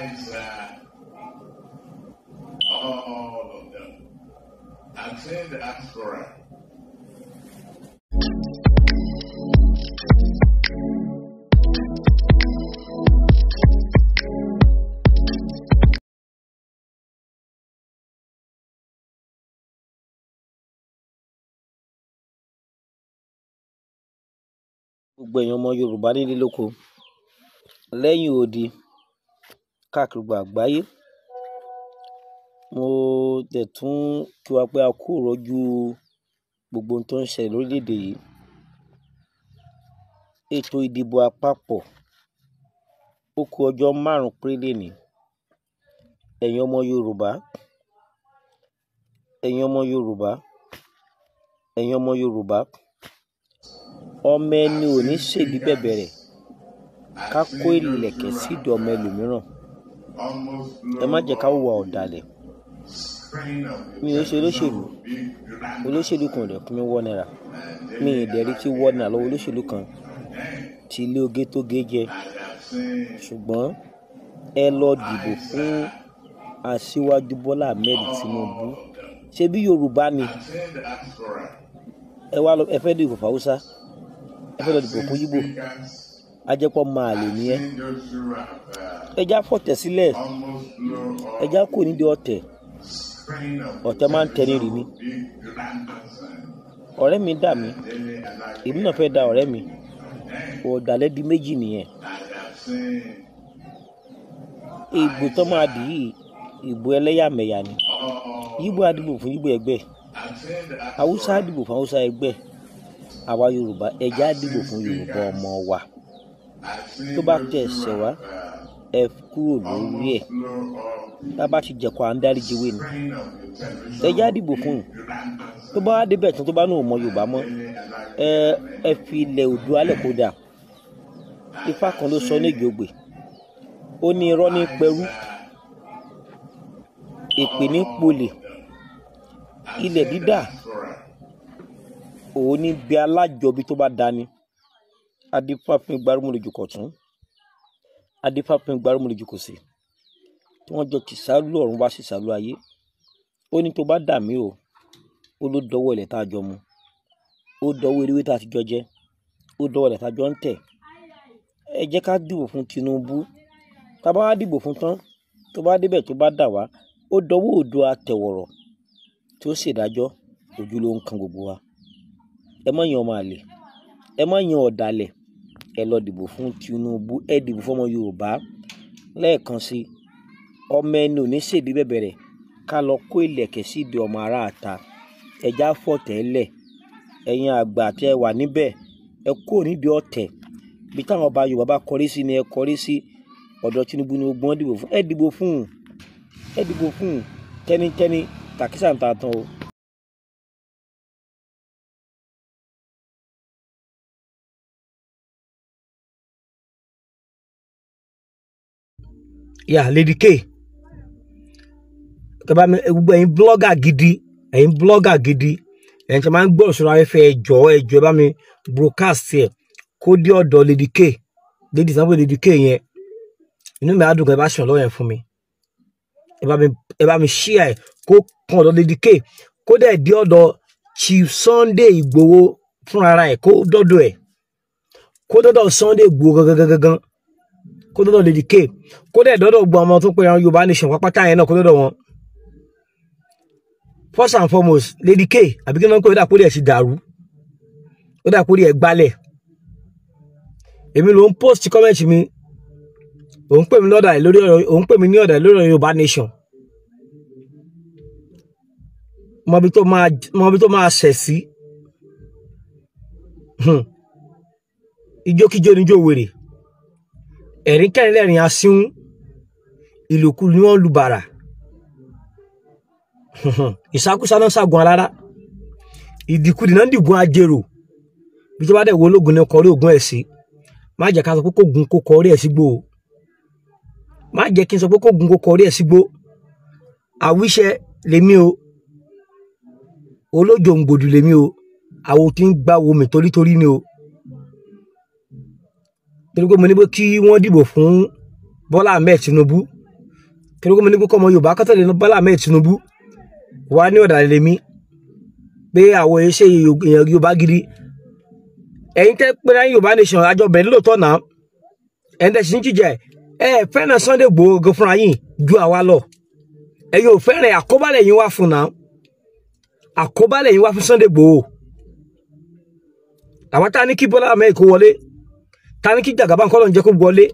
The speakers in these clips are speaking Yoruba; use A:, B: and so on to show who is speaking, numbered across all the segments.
A: Isaac. Uh, all of them. Attend Asphora. gbogbo èèyàn ọmọ yorùbá nílé lóko lẹ́yìn odi káàkiri gbogbo àgbáyé. Mo dẹ̀ tún kí wa pé a kú ìrọ́jú gbogbo ohun tó ń ṣẹlẹ̀ lórílẹ̀-èdè yìí. Ètò ìdìbò àpapọ̀ ó ku ọjọ́ márùn-ún péré léèní. Ẹ̀yin ọmọ Yorùbá, ẹ̀yin ọmọ Yorùbá, ẹ̀yin ọmọ Yorùbá, ọmọ ẹni ò ní ṣèdí bẹ̀bẹ̀rẹ̀ ká kó ìlẹ̀kẹ̀ sí ọmọ ẹlòmíràn ẹ má jẹ́ ká hùwà ọ̀dàlẹ̀ mi ò ṣe olóṣèlú olóṣèlú kan rẹ̀ kún mi wọ́ náírà mi ì dẹ̀rí tí wọ́ náírà lọ́wọ́ olóṣèlú kan tí ilé oge tó gé jẹ ṣùgbọ́n ẹ lọ dìbò fún aṣíwájú Bọ́lá Ahmed Tinubu ṣé bí Yorùbá ni ẹ wá lọ ẹ fẹ́ dìbò fún ẹ fẹ́ lọ dìbò fún ajẹ́pọ̀ máa lè ní ẹ́ ẹja fọ̀tẹ̀ sílẹ̀ ẹja kò nídìí ọ̀tẹ̀ ọ̀tẹ̀ máa ń tẹni rì mí ọ̀rẹ́ mi dà mí èmi náà da ọ̀rẹ́ mi ọ̀dàlẹ̀ di méjì nìyẹn ìbò tó máa dì í ìbò ẹlẹ́yàmẹ̀yà ni yíbo àdìbò fún yíbo ẹgbẹ́ awusa àdìbò fún awusa ẹgbẹ́ àwa yorùbá ẹja àdìbò fún yorùbá ọmọ wa. tó bá tẹ̀ ẹ̀ṣẹ̀ wá ẹ kúrò lórí ẹ̀ tá a bá ti jẹ̀kọ́ à ń dáríji wé ni ẹ já dìbò fún un tó bá débẹ̀ tán tó bá náà mọ Yorùbá mọ́ ẹ ẹ fi ilẹ̀ Oòduà alẹ̀ kó dà Ifá kan ló sọ ní ìjọgbè ó ní irọ́ ní pẹ̀rú èpè ní polè ilẹ̀ dídà òun ní bí alájọbí tó bá dání adífá fún Igbarumulejò kọ̀tún adífá fún Igbarumulejò kòsì tí wọ́n jọ tìsálú ọ̀run wá sí ìsálú ayé ó ní tó bá dà mí o ó ló dọwọ́ ilẹ̀ tá a jọ mu ó dọwọ́ eréwé tá a ti jọ jẹ ó dọwọ́ ilẹ̀ tá a jọ ń tẹ̀ ẹ jẹ́ ká dìbò fún Tinubu tá a bá wá dìbò fún tán tó bá débẹ̀ tó bá dà wá ó dọwọ́ òdo àtẹ̀wọ̀rọ̀ tí ó ṣèdájọ́ ojú ń kan gbogbo wa ẹ má yan ọmọ àlè ẹ má yan ọ̀dàlẹ̀ ẹ lọ dìbò fún Tinubu ẹ dìbò fọmọ Yorùbá lẹ́ẹ̀kan sí ọmọ ẹni òní ṣèdí bẹ̀bẹ̀rẹ̀ ká lọ kó ìlẹ̀kẹ̀ sídi ọmọ aráàta ẹja fọ̀tẹ́lẹ̀ ẹ̀yin àgbà tí ẹ wà níbẹ̀ ẹ kó nídìí ọ̀tẹ̀ bí táwọn ọba Yorùbá bá kọrí sí ni ẹ kọrí sí ọ̀dọ̀ Tinubu ni ogun ẹ dìbò fún ẹ dìbò fún ẹ dìbò fún tẹnitẹni tàkísà ń ta tán o. yeah Lady K tọ́ba mi gbogbo blogger gidi ẹ̀yin blogger gidi ẹ̀yin tí a máa ń gbọ́dọ̀ sọ̀rọ̀ afẹ́fẹ́ ẹ̀jọ̀ mi broadcast ẹ̀ kó dé ọ̀dọ̀ Lady K Lady sanwó Lady K yẹn inú mi á dùn kọ́ ẹ bá ṣàn lọ́wọ́ yẹn fún mi ẹ bá mi ṣíà ẹ̀ kó kàn ọ̀dọ̀ Lady K kó dẹ̀ dé ọ̀dọ̀ Chief Sunday Igboho fúnra ẹ̀ kó dọ́dọ̀ ẹ̀ kó dọ́dọ̀ Sunday Igboho gangan gangan kó dọ́dọ̀ lè dìkè kó dẹ̀ dọ́dọ̀ gbọ́ ọmọ tó pe àwọn Yorùbá nation pápátá yẹn náà kó dọ́dọ̀ wọn. first and foremost Lady K àbí kí wọ́n pè ó dà kórìí ẹ̀ ti dàrú ó dà kórìí ẹ̀ gbálẹ̀ èmi ló ń post comment mi òun pè mí lọ́dà lórí ọ̀rọ̀ òun pè mí ní ọ̀dà lórí ọ̀rọ̀ Yorùbá nation mọbi tó máa mọbi tó máa ṣẹ̀ sí hmm. ijókíjó níjó wèrè ẹ̀rín kẹrin lẹ́rìn asíhún ìlòkulù ni wọ́n lu bàrà ìsákúsá náà ṣàgùn alára ìdìkudì náà dìgun ajérò bí tí wọ́n bá dẹ̀ wo ológun náà kọrí ògùn ẹ̀ sí má jẹ́ ká sọ pé kò gun kó kọrí ẹ̀ sígbó o má jẹ́ kí n sọ pé kò gun kó kọrí ẹ̀ sígbó àwíṣẹ lèmi o olójòǹgbòdù lèmi o àwo tí ń gbá wo mi torítorí ni o torí pé mo ní pé kí wọ́n dìbò fún Bọ́lá Ahmed Tinubu torí pé mo ní pé kọ́mọ Yorùbá kọ́tẹ̀lé Bọ́lá Ahmed Tinubu wà ní ọ̀dàlẹ̀ lèmi pé àwọn iṣẹ́ èèyàn Yorùbá gidi ẹ̀yin tẹ́ pé náà Yorùbá nation àjọ bẹ̀rẹ̀ lóòótọ́ náà ẹ̀yin tẹ́ sì ń jìjà ẹ̀ fẹ́ràn Sunday Igboho gan fúnra yín ju àwa lọ ẹ̀yin ò fẹ́ràn àkóbálẹ̀ yín wá fún náà àkóbálẹ̀ yín wá fún Sunday Igboho àwọn tá a ní kí Bọ́lá Ahmed kó wọlé ká ní kí jàgàbá nǹkan ọlọ́run jẹ́ kó wọlé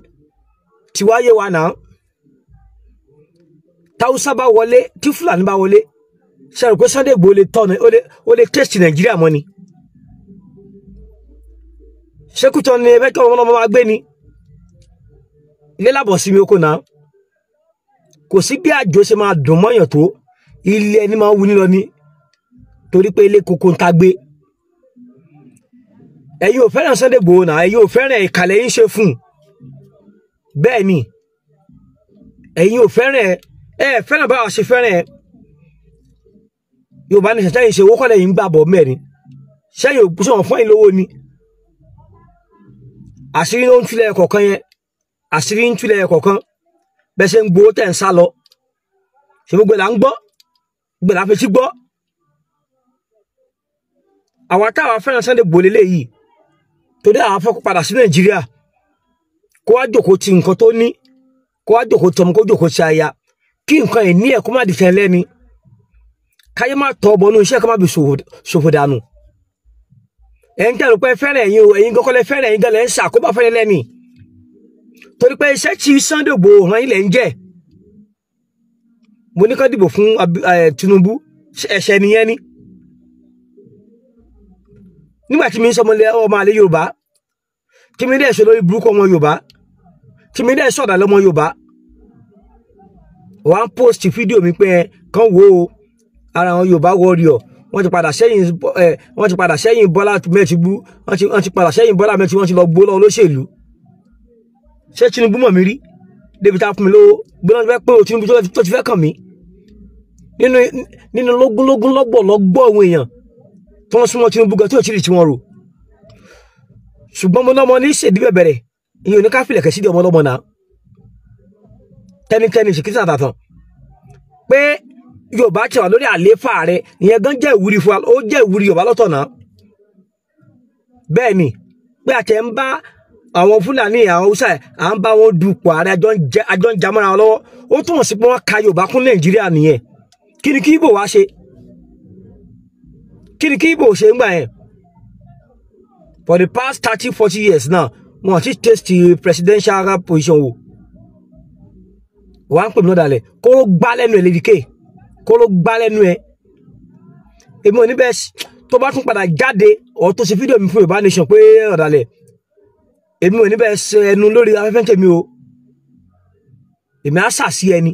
A: tí wàá yé wa náà táwùsá bá wọlé tí fúlàní bá wọlé ṣàrò pé Sunday Igboho lè tọ́nà ó lè tẹ́sítì nàìjíríà mọ́ ni ṣékùtọ́ ni ẹgbẹ́ kí ọmọ máa gbé ni lélàbọ̀ mi oko náà kò sí bí àjò ṣe máa dùn mọ́yàn tó ilé ẹni máa wú nílọ ni torí pé ilé koko ń ta gbé ẹ̀yin ò fẹ́ràn Sunday Igboho náà ẹ̀yin ò fẹ́ràn ìkàlẹ̀ yín ṣe fún un bẹ́ẹ̀ ni ẹ̀yin ò fẹ́ràn ẹ ẹ fẹ́ràn báwa ṣe fẹ́ràn ẹ Yorùbá ní sẹ́yìn ṣe owó kọ́lẹ̀ yìí ń gbàbọ̀ mẹ́rin sẹ́yìn ò sọ̀rọ̀ fún ẹ̀yin lówó ni àṣírí ló ń túlẹ̀ kọ̀ọ̀kan yẹn àṣírí ń túlẹ̀ kọ̀ọ̀kan bẹ́ẹ̀ ṣe ń gbowó tẹ̀ ń sá lọ ṣe gbogbo là ń gbọ́ gbogbo là ń fetí gbọ́ àwa táwa fẹ́ràn Sunday Igboho lélẹ́yìí torí àwọn afẹ́ kó padà sí nàìjíríà kó wá jòkó ti nǹkan tó ní kó wá jòkó tọmọ kó jòkó ti aya kí nǹkan ẹ̀ ní ẹ̀ kó má dìtẹ̀ lẹ́ni káyé má tọ́ ọbọ̀ ní iṣẹ́ kó má bi ṣòfò dànù ẹ̀ ń tẹ̀lé pé fẹ́rẹ̀ ẹ̀yin o ẹ̀yin gọ́kọ́lẹ́ fẹ́rẹ̀ ẹ̀yin gọ́lẹ́ ń ṣàkóbá fẹ́rẹ̀ lẹ́ni torí pé iṣẹ́ tí Sunday Igboho ràn yín lẹ́ ń jẹ́ mo ní ká dìbò fún eh, Tinubu ẹ̀ṣẹ̀ nìyẹn ni nígbà tí mi ń sọ ọmọ ilẹ̀ ọmọ alẹ́ Yorùbá kí mi dẹ́ ṣe lórí burúkú ọmọ yorùbá kí mi dẹ́ ṣọ̀dà lọ́mọ yorùbá wọ́n á post fídíò mi pé kàn wò ó ara àwọn yorùbá warrior wọ́n ti padà sẹ́yìn ẹ̀ eh, wọ́n ti padà sẹ́yìn bọ́lá mẹ́tìbú wọ́n ti padà sẹ́yìn bọ́lá mẹ́tìbú wọ́n ti lọ gbó lọ olóṣèlú ṣé tinubu mọ̀ mí rí débi tá a fún mi lówó gbọ́dọ̀ ti fẹ́ pé o tinubu tó ti fẹ́ kàn mí nínú nínú lógúnlógún lọ́gbọ̀lọ́gbọ̀ àwọn èèyàn tí wọ́n súnmọ́ tinubu gan tí ò tí ì rí tiwọn rò ṣùgbọ́n mo lọ́mọ ní ṣèdí bẹ̀bẹ̀rẹ̀ ìyẹn oníkàfilẹ̀ kẹ̀ sídìí ọmọ ọlọ́mọ náà tẹnitẹni ṣìkìtì àtàtàn pé yorùbá ti wà lórí àlééfà rẹ ìyẹn gan jẹ́ ìwúrí fún wa ó jẹ́ ìwúrí yorùbá lọ́tọ̀ náà bẹ́ẹ̀ ni pé àtẹ ń bá àwọn fúlàní àwọn haúsá à ń bá wọn dupò ààrẹ àjọ ń jamọ́ra wọn lọ́wọ́ ó túmọ̀ sí pé wọ́n ka yorùbá kún nàìjíríà nìyẹn kí ni kí ibo wá ṣe kí ni kí ibo ṣe ń gbà yẹn for the past thirty forty years now wọn test taste presidential position wo wàá ń pè mí lọ́dàlẹ̀ kó ló gbá lẹ́nu ẹ̀ lédìké kó ló gbá lẹ́nu ẹ̀ èmi ò ní bẹ́ẹ̀ tó bá tún padà jáde ọ̀ tó ṣe fídíò mi fún Yorùbá nation pé ọ̀dàlẹ̀ èmi ò ní bẹ́ẹ̀ ṣe ẹnu lórí afẹ́fẹ́ tèmi o èmi á sàṣì ẹni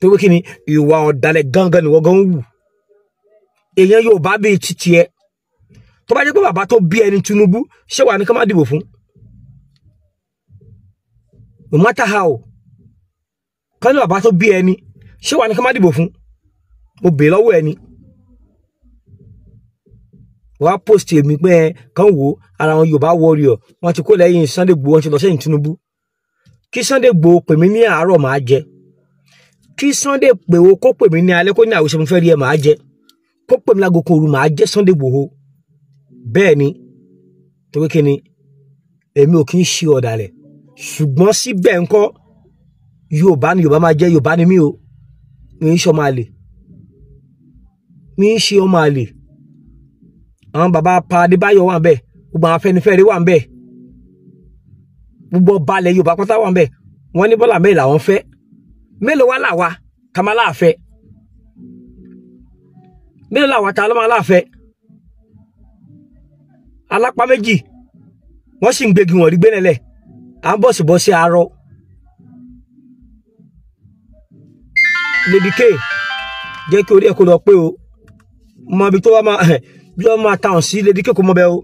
A: tó wí kí ni ìwà ọ̀dàlẹ̀ gangan ni wọ́n gan ń wù èèyàn Yorùbá bíi titi ẹ̀ tó bá jẹ́ pé bàbá tó bí ẹni Tinubu ṣé wà ní ká má dìbò fún no matter how kán ní bàbá tó bí ẹni ṣé wà ní ká má dìbò fún mo bèè lọ́wọ́ ẹni wàá post èmi pé ẹ kàn wò ara wọn Yorùbá warrior wọn ti kó lẹ́yìn Sunday Igboho wọn ti lọ sẹ́yìn Tinubu kí Sunday Igboho pè ní àárọ̀ màá jẹ kí Sunday Igboho kó pè ní alẹ́ kó ní àwòṣe mo fẹ́ rí ẹ màá jẹ kó pè mí màá jẹ Sunday Igboho bẹ́ẹ̀ ni torí kí ni èmi ò kí ń ṣe ọ̀dàlẹ̀ ṣùgbọ́n síbẹ̀ ńkọ́ yorùbá ni yorùbá máa jẹ́ yorùbá ni mí o mi ń ṣe ọmọ àlè mi ń ṣe ọmọ àlè àwọn bàbá pa adébáyọ̀ wà ń bẹ̀ gbogbo àwọn afẹ́nifẹ́re wà ń bẹ̀ gbogbo balẹ̀ yorùbá pátá wà ń bẹ̀ wọ́n ní bọ́là mẹ́rin làwọn fẹ́ mélòó wá làwa kàmáláàfẹ́ mélòó làwa ta alápá méjì wọ́n sì ń gbégi wọ̀n rí gbélẹ̀lẹ̀ à ń bọ̀sibọ́sí arọ. Lady K jẹ́ kí orí ẹ̀ kó lọ pé o mọ ibi tó wá máa bí wọ́n máa ta hàn sí Lady K kó mọ bẹ́ẹ̀ o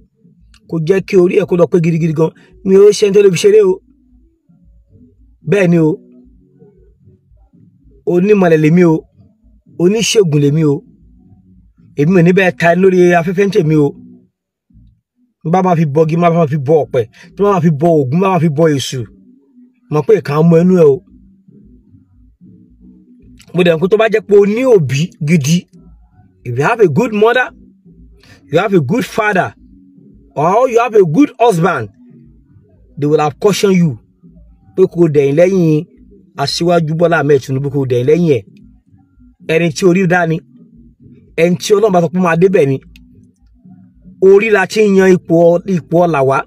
A: kò jẹ́ kí orí ẹ̀ kó lọ pé gidigidi gan mi ò ṣe ń tó fi ṣeré o bẹ́ẹ̀ ni o onímọ̀lẹ̀ lèmi o oníṣègùn lèmi o èmi ò ní bẹ́ẹ̀ ta lórí afẹ́fẹ́ ń tèmi o bá máa fi bọ igi má máa fi bọ ọ̀pẹ tí má máa fi bọ ògún má máa fi bọ èṣù mọ̀ pé ìkà mọ ẹnu ẹ o mo dẹ̀ ń tó bá jẹ́ pé o ní òbí gidi if you have a good mother you have a good father or you have a good husband they will have cautioned you pé kò dẹ̀yìn lẹ́yìn aṣíwájú Bọ́lá Ahmed Tinubu kò dẹ̀yìn lẹ́yìn ẹ̀ ẹni tí orí dá ni ẹni tí Ọlọ́run bá sọ pé máa débẹ̀ ni orí la ti ń yan ipò ipò ọlà wa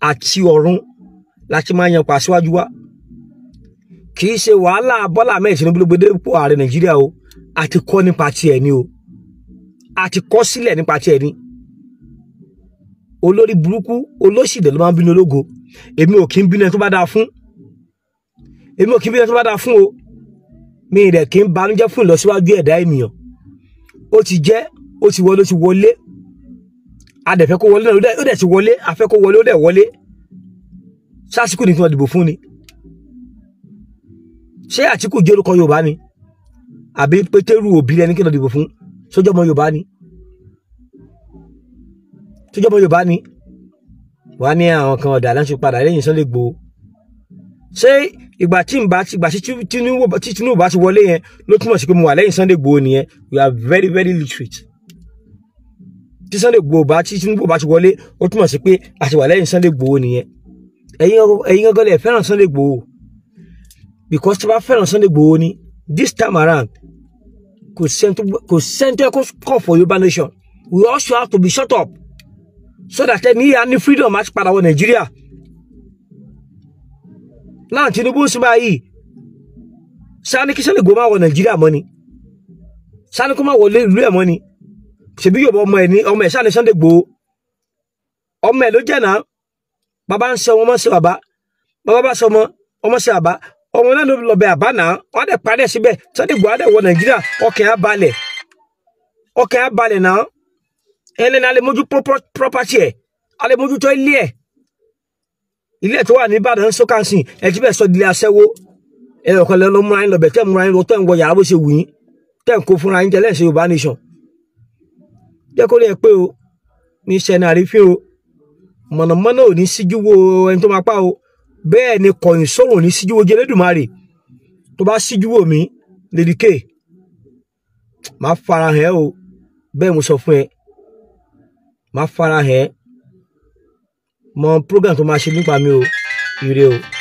A: àti ọ̀run la ti máa yan pa síwájú wa kì í ṣe wàhálà Bọ́lá Ahmed Tinubu ló gbédé ipò ààrẹ Nàìjíríà o àti kọ́ nípa tiẹ̀ ni o àti kọ́ sílẹ̀ nípa tiẹ̀ ni olórí burúkú olóṣì dẹ̀ ló máa ń bínú ológo èmi ò kí ń bínú ẹni tó bá dáa fún èmi ò kí ń bínú ẹni tó bá dáa fún o mi rẹ̀ kí ń banújẹ́ fún ìlọsíwájú ẹ̀dá ènìyàn ó ti jẹ́ ó ti wọlé ó ti wọlé adẹ̀fẹ́ kó wọlé náà ó dẹ̀ ti wọlé afẹ́ kó wọlé ó dẹ̀ wọlé ṣé àtìkù ni kí wọ́n dìbò fún ni ṣé àtìkù jẹ́ orúkọ yorùbá ni àbí pétérù òbí lẹni kí wọ́n dìbò fún sójú ọmọ yorùbá ni sójú ọmọ yorùbá ni wà ní àwọn kan ọ̀dà aláṣẹ padà lẹ́yìn Sunday Igboho ṣé ìgbà tí n bá ti gbà tí Tinubu bá ti wọlé yẹn ló túmọ̀ sí pé mo wà lẹ́yìn Sunday Igboho nìyẹn we are very very literate tí Sunday Igboho bá tí Tinubu bá ti wọlé ó túmọ̀ sí pé a lẹ́yìn Sunday Igboho nìyẹn ẹ̀yin gangan lẹ̀ fẹ́ràn Sunday Igboho because tí wọ́n bá fẹ́ràn Sunday Igboho ni this time around kò sẹ́ńtú ẹ̀kọ́ kọ̀ for Yorùbá nation we also have to be shut up so that ẹni yà ní freedom àti padà wọ Nàìjíríà náà Tinubu ń sinmi ayé sani kí Sunday Igboho máa wọ Nàìjíríà mọ́ ni sani kó máa wọlé ìlú ẹ̀ mọ́ ni ṣebí yóò bọ ọmọ ẹ ní ọmọ ẹ ṣáà ní Sunday Igboho ọmọ ẹ ló jẹ náà bàbá ń ṣe ọmọ ọmọ ṣe bàbá bàbá bá ṣe ọmọ ọmọ ṣe bàbá ọmọ náà ló lọ bẹ àbá náà wọn á dẹ parí ẹ síbẹ̀ Sunday Igboho á dẹ wọ Nàìjíríà ọkàn á balẹ̀ ọkàn á balẹ̀ náà ẹni náà lè mójú property ẹ a lè mójútó ilé ẹ ilé ẹ tó wà ní Ìbàdàn sọkànsìn ẹ ti bẹ sọ ilé aṣẹ́wó ẹ ọkàn lọ múra yín lọbẹ tẹ múra yín lọ tẹ ń wọ yàrá bó ṣe wù yín tẹ ń kó fúnra yín tẹ́lẹ̀ ṣe Yorùbá nation jẹ́ kó rí ẹ pé o ní iṣẹ́ náà rí fi o mọ̀nàmọ́ná ò ní síjú wo ẹni tó máa pa o bẹ́ẹ̀ ni kọ̀yìn sọ̀rọ̀ ò ní síjú wo jẹ́lẹ́dùmarè tó bá síjú mi lédìkè máa fara hàn ẹ́ o bẹ́ẹ̀ mo sọ fún ẹ máa fara hàn ẹ́ mọ program tó máa ṣe nípa mi o ire o.